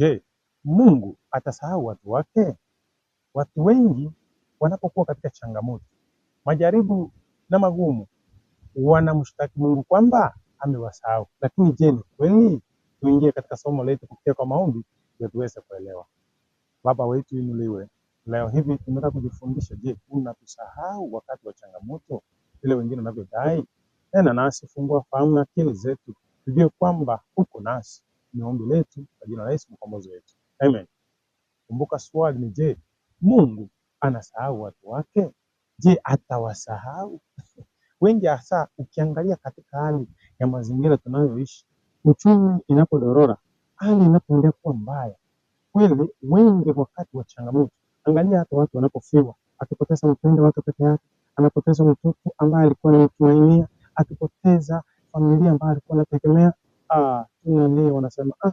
Je, Mungu atasahau watu wake? Watu wengi wanapokuwa katika changamoto, majaribu na magumu, wanamshtaki Mungu kwamba amewasahau. Lakini je, ni kweli? Tuingie katika somo letu kupitia kwa maombi ndio tuweze kuelewa. Baba wetu inuliwe. Leo hivi tunataka kujifundisha, je, unatusahau wakati wa changamoto vile wengine wanavyodai? Tena nasi fungua fahamu na akili zetu, tujue kwamba uko nasi ni ombi letu kwa jina la Yesu mkombozi wetu. Amen. Kumbuka swali ni je, Mungu anasahau watu wake? Je, atawasahau? Wengi hasa ukiangalia katika hali ya mazingira tunayoishi, uchumi inapodorora, hali inapoendelea kuwa mbaya, kweli wengi wakati wa changamoto, angalia hata watu wanapofiwa, akipoteza mpendwa wake peke yake, anapoteza mtoto ambaye alikuwa anamtumainia, akipoteza familia ambayo alikuwa anategemea ah, wanasema ah,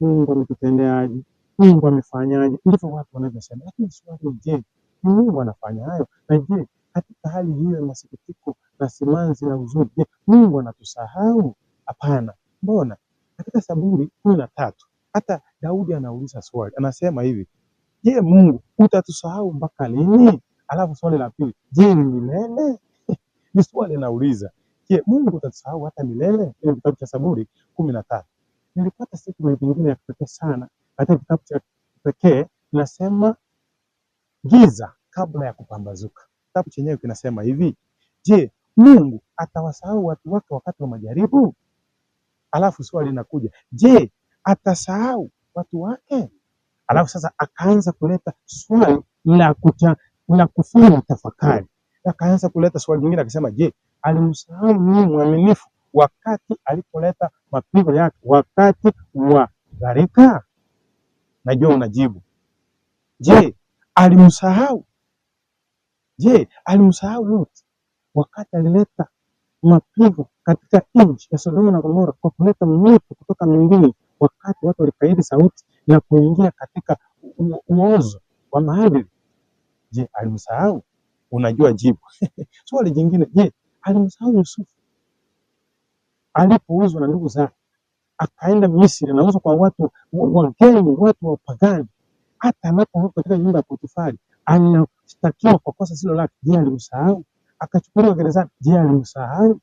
Mungu ametutendeaje? Mungu amefanyaje? Ndivyo watu wanavyosema. Lakini swali je, Mungu anafanya hayo? Na je, katika hali hiyo ya masikitiko na simanzi na huzuni, je, Mungu anatusahau? Hapana. Mbona katika saburi kumi na tatu hata Daudi anauliza swali, anasema hivi, je, Mungu utatusahau mpaka lini? Alafu swali la pili, je, ni milele? Ni swali anauliza Je, Mungu utasahau hata milele? Hiyo kitabu cha saburi kumi na tatu. Nilipata siku nyingine ya kipekee sana katika kitabu cha pekee inasema giza kabla ya kupambazuka. Kitabu chenyewe kinasema hivi, je, Mungu atawasahau watu wake wakati wa majaribu? Alafu swali linakuja, je, atasahau watu wake? Alafu sasa akaanza kuleta swali la kucha na kufanya tafakari, akaanza kuleta swali lingine akisema, je alimsahau Mungu mwaminifu wakati alipoleta mapigo yake wakati wa gharika? Najua unajibu. Je, alimsahau? Je, alimsahau Lot wakati alileta mapigo katika nchi ya Sodoma na Gomora kwa kuleta moto kutoka mbinguni, wakati watu walikaidi sauti na kuingia katika uozo wa maadili? Je, alimsahau? Unajua jibu. Swali jingine, je, alimsahau Yusufu alipouzwa na ndugu zake, akaenda Misri, anauzwa kwa watu wageni, watu wapagani. Hata anapokuwa katika nyumba ya Potifari anashtakiwa kwa kosa silo lake. Je, alimsahau? Akachukuliwa gerezani. Je, alimsahau?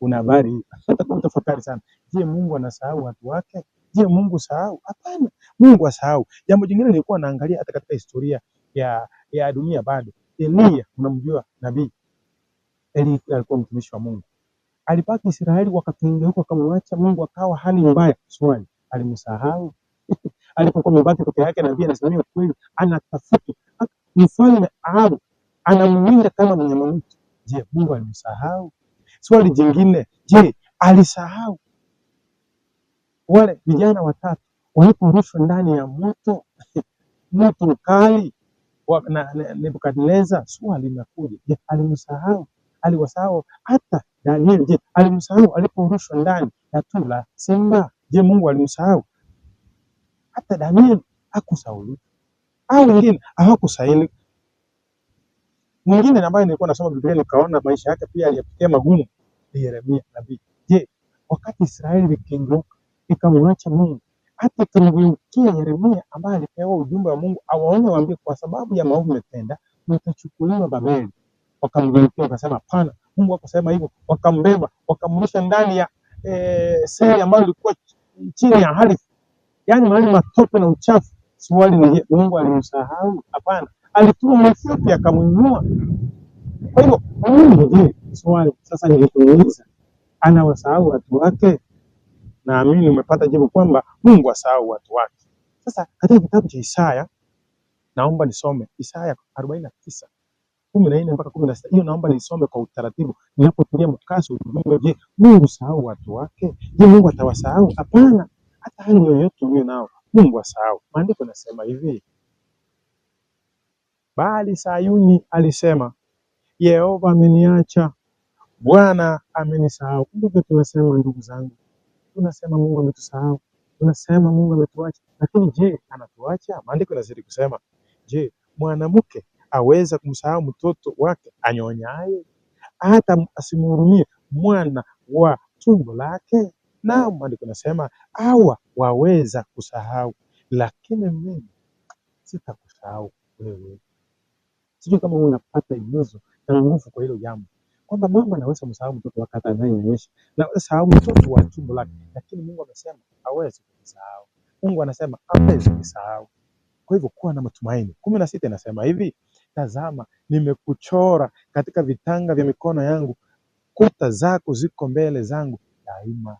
Una habari tafakari sana. Je, Mungu anasahau watu wake? Je, Mungu sahau? Hapana, Mungu asahau. Jambo jingine nilikuwa naangalia hata katika historia ya ya dunia, bado Elia, unamjua nabii Eli alikuwa mtumishi wa Mungu. Alibaki Israeli wakakengeuka wakamwacha Mungu akawa hali mbaya. Swali, alimsahau. Alipokuwa amebaki peke yake na Biblia inasimamia kweli anatafuta. Mfalme Ahabu anamwinda kama mnyama mwitu. Je, Mungu alimsahau? Swali jingine, je, alisahau wale vijana watatu waliporushwa ndani ya moto moto mkali na Nebukadneza? Swali linakuja, je, alimsahau? aliwasahau hata Daniel? Je, alimsahau aliporushwa ndani ya tundu la simba? Je, Mungu alimsahau? Hata Daniel? Hakusahau au wengine hawakusahaulika. Mwingine ambaye nilikuwa nasoma Biblia nikaona maisha yake pia aliyapitia magumu ni Yeremia nabii. Je, wakati Israeli ikiinduka ikamwacha Mungu hata ikimgeukia Yeremia ambaye alipewa ujumbe wa Mungu awaone waambie, kwa sababu ya maovu umetenda mtachukuliwa Babeli wakamgeukia wakasema, hapana, Mungu akasema hivyo. Wakambeba wakamrusha ndani ya e, seli ambayo ilikuwa chini ya ardhi, yaani mahali matope na uchafu. Swali ni Mungu alimsahau? Hapana, alituma mafupi akamuinua. Kwa hivyo Mungu je, swali sasa nilikuuliza, anawasahau watu wake? Naamini umepata jibu kwamba Mungu asahau watu wake. Sasa katika kitabu cha Isaya naomba nisome Isaya arobaini na tisa kumi na nne mpaka kumi na sita hiyo naomba nisome kwa utaratibu, ninapotilia mkazo ujumbe je, Mungu sahau watu wake? Je, Mungu atawasahau? Hapana, hata hali yoyote ulio nao Mungu asahau. Maandiko nasema hivi, bali Sayuni alisema Yehova ameniacha, Bwana amenisahau. Ndivyo tunasema ndugu zangu, tunasema Mungu ametusahau, tunasema Mungu ametuacha. Lakini je, anatuacha? Maandiko nazidi kusema, je, mwanamke aweza kumsahau mtoto wake anyonyaye? Hata asimhurumie mwana wa tumbo lake? Naam, maandiko nasema hawa waweza kusahau, lakini mimi sitakusahau wewe. Sijui kama unapata igizo na nguvu kwa hilo jambo, kwamba mama anaweza kumsahau mtoto wake hata anayenyonyesha, sahau mtoto wa tumbo lake, lakini Mungu amesema hawezi kusahau. Mungu anasema hawezi kusahau. Kwa hivyo kuwa na matumaini. kumi na sita inasema hivi tazama nimekuchora katika vitanga vya mikono yangu, kuta zako ziko mbele zangu daima.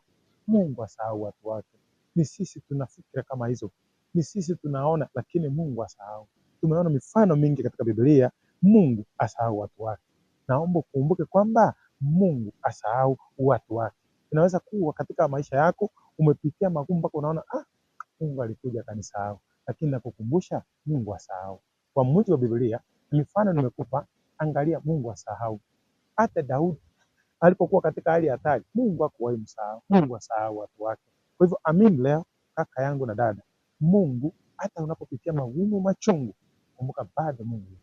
Mungu asahau watu wake. Ni sisi tunafikira kama hizo, ni sisi tunaona, lakini Mungu asahau. Tumeona mifano mingi katika Biblia, Mungu asahau watu wake. Naomba ukumbuke kwamba Mungu asahau watu wake. Inaweza kuwa katika maisha yako umepitia magumu mpaka unaona ah, Mungu alikuja akanisahau, lakini nakukumbusha Mungu asahau. Kwa mujibu wa Biblia, mifano nimekupa, angalia, Mungu asahau hata Daudi alipokuwa katika hali ya hatari, Mungu hakuwahi msahau. Mungu asahau watu wake. Kwa hivyo, amini leo kaka yangu na dada, Mungu hata unapopitia magumu machungu, kumbuka bado Mungu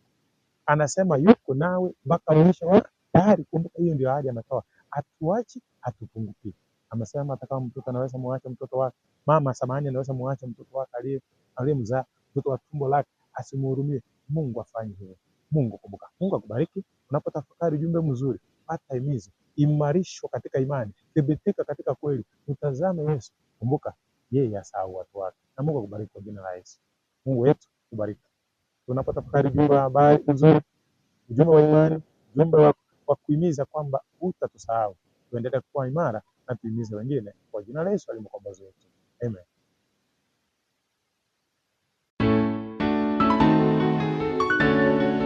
anasema yuko nawe mpaka mwisho wa dahari. Kumbuka hiyo ndio ahadi ametoa, atuachi hatupunguki. Amesema hata kama mtoto anaweza muache mtoto wake, mama samani anaweza muache mtoto wake aliyemzaa, mtoto wa tumbo lake, asimhurumie Mungu afanye hivyo. Mungu kumbuka, Mungu akubariki unapotafakari jumbe mzuri, pata imizi, imarishwa katika imani, thibitika katika kweli, utazame Yesu. Kumbuka yeye asahau watu wake, na Mungu akubariki kwa jina la Yesu. Mungu wetu kubariki. unapotafakari jumbe wa habari nzuri, jumbe wa imani, jumbe wa, wa kuhimiza kwamba utatusahau. Tuendelee kuwa imara na tuhimize wengine kwa jina la Yesu aliye mkombozi wetu. Amen.